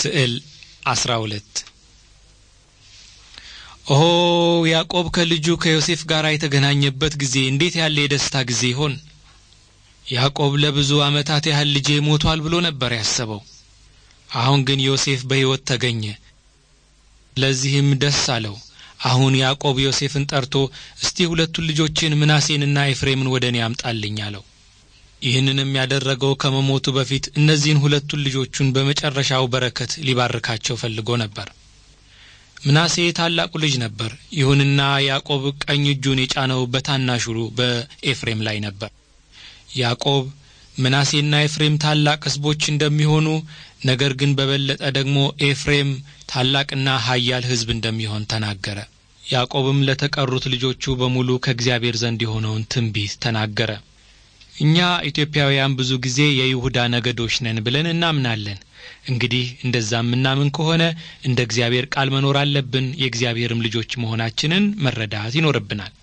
ስዕል 12 ኦሆ ያዕቆብ ከልጁ ከዮሴፍ ጋር የተገናኘበት ጊዜ እንዴት ያለ የደስታ ጊዜ ይሆን! ያዕቆብ ለብዙ ዓመታት ያህል ልጄ ሞቷል ብሎ ነበር ያሰበው። አሁን ግን ዮሴፍ በሕይወት ተገኘ፣ ለዚህም ደስ አለው። አሁን ያዕቆብ ዮሴፍን ጠርቶ እስቲ ሁለቱን ልጆችን ምናሴንና ኤፍሬምን ወደ እኔ አምጣልኝ አለው። ይህንንም ያደረገው ከመሞቱ በፊት እነዚህን ሁለቱን ልጆቹን በመጨረሻው በረከት ሊባርካቸው ፈልጎ ነበር። ምናሴ ታላቁ ልጅ ነበር። ይሁንና ያዕቆብ ቀኝ እጁን የጫነው በታናሹ በኤፍሬም ላይ ነበር። ያዕቆብ ምናሴና ኤፍሬም ታላቅ ሕዝቦች እንደሚሆኑ ነገር ግን በበለጠ ደግሞ ኤፍሬም ታላቅና ኃያል ሕዝብ እንደሚሆን ተናገረ። ያዕቆብም ለተቀሩት ልጆቹ በሙሉ ከእግዚአብሔር ዘንድ የሆነውን ትንቢት ተናገረ። እኛ ኢትዮጵያውያን ብዙ ጊዜ የይሁዳ ነገዶች ነን ብለን እናምናለን። እንግዲህ እንደዛ የምናምን ከሆነ እንደ እግዚአብሔር ቃል መኖር አለብን። የእግዚአብሔርም ልጆች መሆናችንን መረዳት ይኖርብናል።